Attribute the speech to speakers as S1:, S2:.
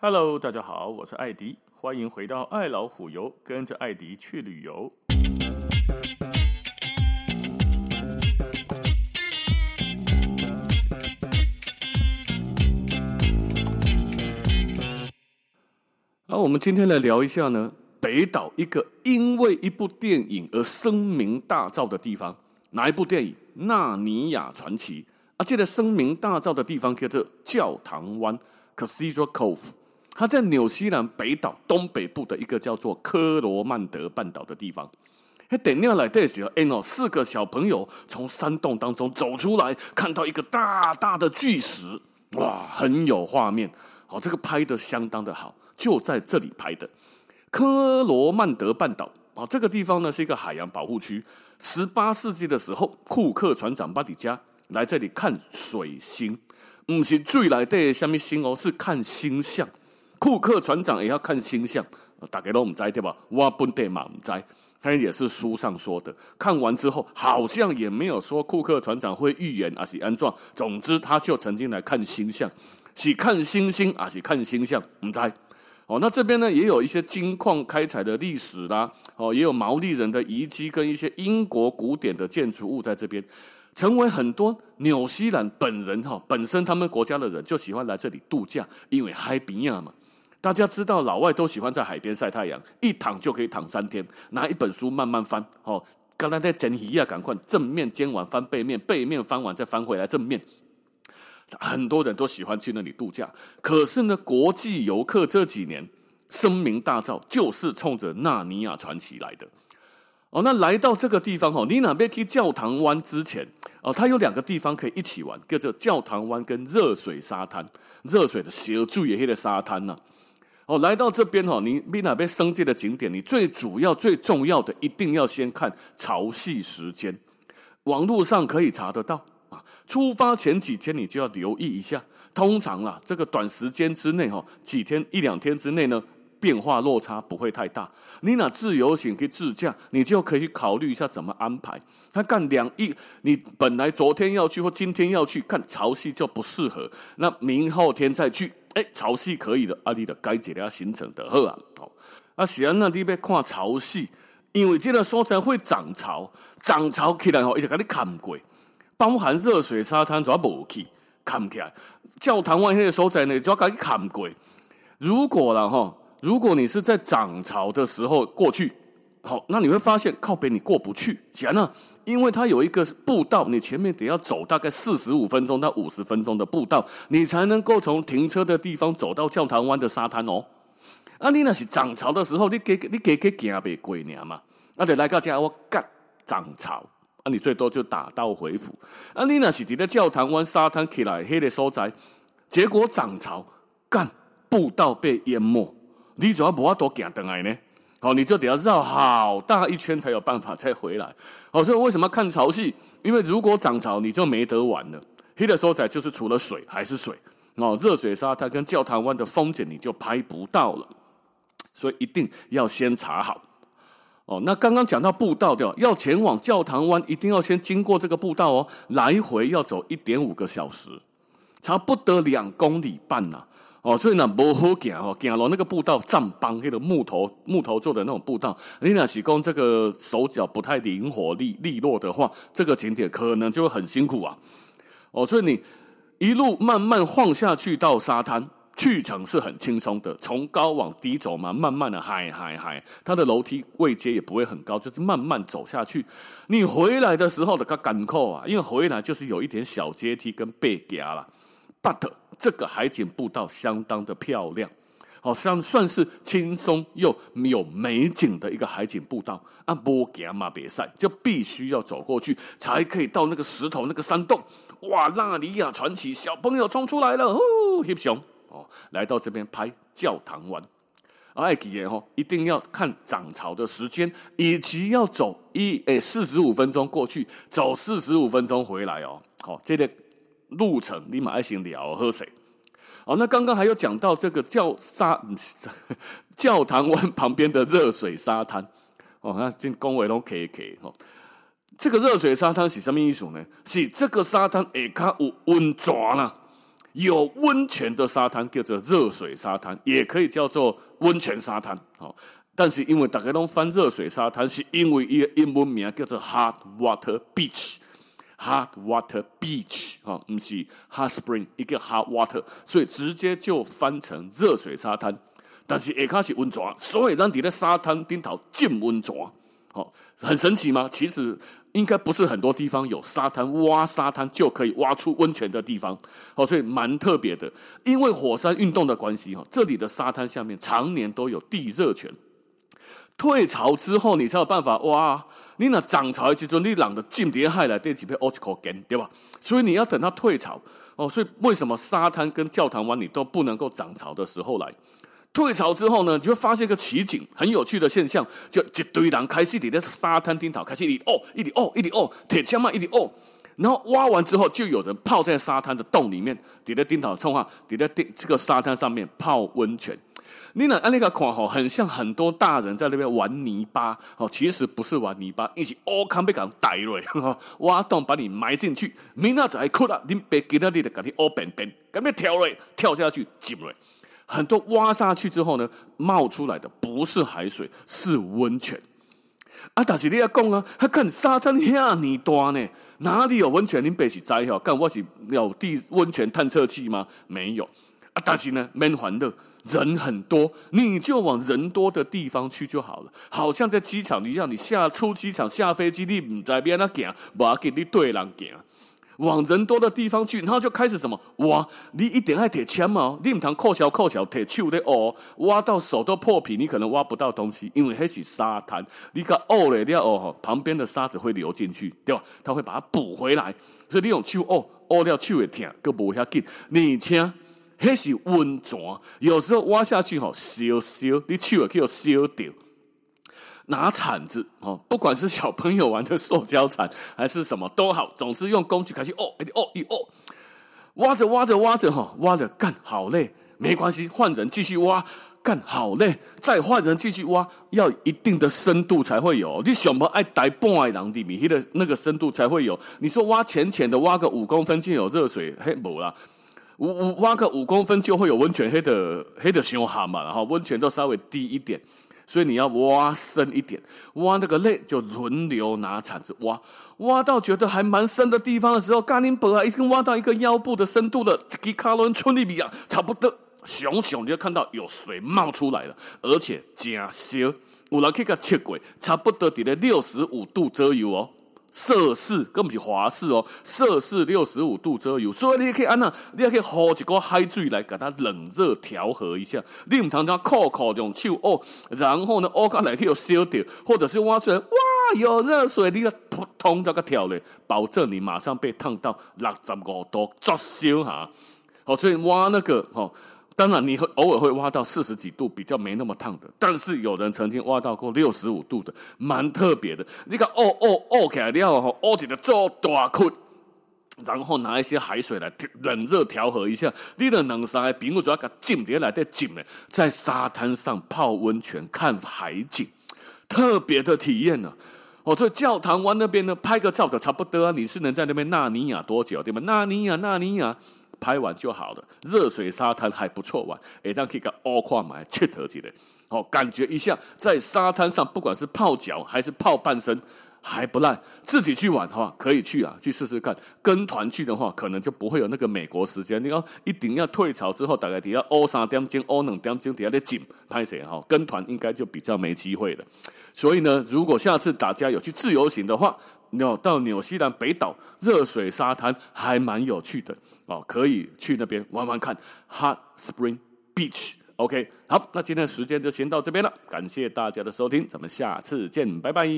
S1: Hello，大家好，我是艾迪，歡迎回到愛老虎遊，跟着艾迪去旅遊。好，我們今天來聊一下呢，北島一個因為一部電影而聲名大噪的地方，哪一部電影？《納尼亞傳奇》啊，記得聲名大噪的地方叫做教堂灣 （Cathedral Cove）。他在紐西蘭北島東北部的一個叫做科羅曼德半島的地方，在電影裡的時候，四個小朋友從山洞當中走出來，看到一個大大的巨石，哇，很有畫面，好，這個拍得相當的好，就在這裡拍的，科羅曼德半島啊，這個地方呢是一個海洋保護區。十八世紀的時候，庫克船長巴迪加來這裡看水星，唔是水裡面的什麼星哦，是看星象。庫克船長也要看星象，大家都不知道，對吧？我，本地嘛不知，他也是書上說的。看完之後，好像也沒有說庫克船長會預言還是安裝，總之，他就曾經來看星象，是看星星還是看星象，不知道。哦，那這邊呢，也有一些金礦開採的歷史啦。哦，也有毛利人的遺跡跟一些英國古典的建築物在這邊。成為很多紐西蘭本人哈，本身他們國家的人就喜歡來這裡度假，因為海邊嘛。大家知道老外都喜歡在海邊曬太陽，一躺就可以躺三天，拿一本書慢慢翻。哦，剛才在講《尼亞》，趕快正面煎完，翻背面，背面翻完再翻回來正面。很多人都喜歡去那裡度假。可是呢，國際遊客這幾年聲名大噪，就是衝着《納尼亞傳奇》來的。哦，那來到這個地方哈，你那邊去教堂灣之前哦，它有兩個地方可以一起玩，叫做教堂灣跟熱水沙灘，熱水的協助也是的沙灘呢，啊。哦，來到這邊哈，你那邊升級的景點，你最主要最重要的，一定要先看潮汐時間，網絡上可以查得到啊。出發前幾天你就要留意一下，通常啊，這個短時間之內哈，幾天一兩天之內呢。變化落差不會太大，你若自由行去自駕，你就可以去考慮一下怎麼安排。他干兩億，你本來昨天要去或今天要去看潮汐就不適合，那明後天再去，欸、潮汐可以的，阿弟的改解了行程的好啊。啊，是啊，那裡邊看潮汐，因為這個所在會長潮，漲潮起來吼，伊直跟你扛過，包含熱水沙灘主要無去扛起來，教堂灣迄個所在呢主要跟佮你扛過。如果了吼。如果你是在漲潮的時候過去，好，那你會發現靠北，你過不去，行啦，因為它有一個步道，你前面得要走大概四十五分鐘到五十分鐘的步道，你才能夠從停車的地方走到教堂灣的沙灘哦。啊，你那是漲潮的時候，你給、你給、給行袂過呢嘛？那、啊、得來到這，我幹漲潮，啊，你最多就打道回府。啊，你那是在，在教堂灣沙灘起來的那個所在，結果漲潮，幹步道被淹沒。你主要不要多行等來呢？你就得要繞好大一圈才有辦法再回來。所以為什麼看潮汐？因為如果漲潮，你就沒得玩了。黑的時候仔就是除了水還是水。哦，熱水沙灘跟教堂灣的風景你就拍不到了。所以一定要先查好。哦，那剛剛講到步道，要要前往教堂灣，一定要先經過這個步道哦，來回要走一點五個小時，差不多兩公里半呢、啊。哦，所以呢，無好行哦，行落那個步道，站邦那個木頭木頭做的那種步道，你若是講這個手腳不太靈活、利利落的話，這個景點可能就會很辛苦啊。哦，所以你一路慢慢晃下去到沙灘，去程是很輕鬆的，從高往低走嘛，慢慢的，嗨嗨嗨，它的樓梯位階也不會很高，就是慢慢走下去。你回來的時候的個艱苦啊，因為回來就是有一點小階梯跟背夾了，but。這個海景步道相當的漂亮，好、哦、像算是輕鬆又有美景的一個海景步道。按波吉亞馬別賽，就必須要走過去，才可以到那個石頭那個山洞。哇！納尼亞傳奇小朋友衝出來了，黑熊哦，來到這邊拍教堂灣。哎，記得哦，一定要看漲潮的時間，以及要走一哎四十五分鐘過去，走四十五分鐘回來哦。好、哦，這着、個。路程你馬愛行聊喝水。哦，那剛剛還有講到這個叫沙教堂灣旁邊的熱水沙灘。哦，那進講話攏卡卡哦。這個熱水沙灘是什麼意思呢？是這個沙灘會較有溫泉啦，有溫泉的沙灘叫做熱水沙灘，也可以叫做溫泉沙灘。哦，但是因為大家都翻熱水沙灘，是因為一個英文名叫做 Hot Water Beach。Hot water beach，哈，不是 hot spring，一個 hot water，所以直接就翻成熱水沙灘。但是一開始溫爪，所以讓你的沙灘冰頭浸溫爪，好，很神奇嗎？其實應該不是很多地方有沙灘挖沙灘就可以挖出溫泉的地方，好，所以蠻特別的，因為火山運動的關係，哈，這裡的沙灘下面常年都有地熱泉。退潮之後，你才有辦法挖。你那漲潮的時候，你讓的進敵害來，電器被奧奇克給，對吧？所以你要等它退潮哦。所以為什麼沙灘跟教堂灣你都不能夠漲潮的時候來？退潮之後呢，你會發現一個奇景，很有趣的現象，就一堆人開始你在這沙灘頂頭開始，一直挖哦，一直挖哦，一直挖哦，鐵鍬嘛一直挖哦，然後挖完之後就有人泡在沙灘的洞裡面，你在頂頭沖上，你在這，這個沙灘上面泡溫泉。你那安那個看吼，很像很多大人在那邊玩泥巴，哦，其實不是玩泥巴，一起挖坑被搞大了，挖洞把你埋進去，明仔載哭了，你別急他你得趕緊哦，蹦蹦，趕緊跳嘞，跳下去進嘞，很多挖下去之後呢，冒出來的不是海水，是溫泉。啊，但是你要講啊，還看沙灘遐泥大呢，哪裡有溫泉？你別去摘吼，幹我是有地溫泉探測器嗎？沒有。但是呢蠻煩的人很多，你就往人多的地方去就好了。好像在機場一樣，你讓你下出機場下飛機，你毋知要按怎行，無要緊你對人行，往人多的地方去，然後就開始什麼挖，你一定愛鐵鍬嘛，你唔通扣鍬扣鍬鐵鍬咧挖，挖到手都破皮，你可能挖不到東西，因為那是沙灘，你個挖咧，你啊哦，旁邊的沙子會流進去，對吧？它會把它補回來，所以你用手挖，挖了手會痛，佫唔會遐緊，而且。那是溫泉，有時候挖下去哈，燒燒，你去了就燒掉。拿鏟子，不管是小朋友玩的塑膠鏟，還是什麼都好，總之用工具開始哦，一哦一哦，挖着挖着挖着哈，挖着幹，好累，沒關係，換人繼續挖，幹，好累，再換人繼續挖，要一定的深度才會有。你想不，愛呆半人裡面，那個那個深度才會有。你說挖淺淺的，挖個五公分就有熱水，嘿，不啦。五五挖個五公分就會有溫泉，黑的黑的上黑嘛，然後溫泉就稍微低一點，所以你要挖深一點，挖那個累就輪流拿鏟子挖，挖到覺得還蠻深的地方的時候，卡林伯啊已經挖到一個腰部的深度了，個卡倫村里比啊差不多，熊熊你就看到有水冒出來了，而且真小，有人去個測過，差不多在六十五度左右哦，攝氏，更不是華氏哦。攝氏六十五度左右，所以你可以安吶，你也可以喝一個海水來給它冷熱調和一下。你唔通將褲褲用手哦，然後呢，我夾來去燒掉，或者是挖出來哇，有熱水，你個撲通這個跳嘞，保證你馬上被燙到六十五度，作燒。哈。好，所以挖那個哦。當然，你會偶爾會挖到四十幾度比較沒那麼燙的，但是有人曾經挖到過六十五度的，蠻特別的。你看，哦哦」起來了哦哦」一個做大窟，然後拿一些海水來冷熱調和一下。你的冷沙還比我主要擱進裡來再浸呢，在沙灘上泡溫泉看海景，特別的體驗呢、啊。哦，所以教堂灣那邊呢，拍個照就差不多啊。你是能在那邊納尼亞多久？對嗎？納尼亞，納尼亞。拍完就好了，熱水沙灘還不錯玩，誒，這樣可以個凹礦買，值得去的。好、哦，感覺一下在沙灘上，不管是泡腳還是泡半身，還不賴。自己去玩的話，可以去啊，去試試看。跟團去的話，可能就不會有那個美國時間。你要一定要退潮之後，大概底下凹三點鐘、凹兩點鐘，底下在景拍攝哈。跟團應該就比較沒機會了。所以呢，如果下次大家有去自由行的話，要到紐西蘭北島熱水沙灘還蠻有趣的哦，可以去那邊玩玩看，Hot Spring Beach。OK，好，那今天的時間就先到這邊了，感謝大家的收聽，咱們下次見，拜拜。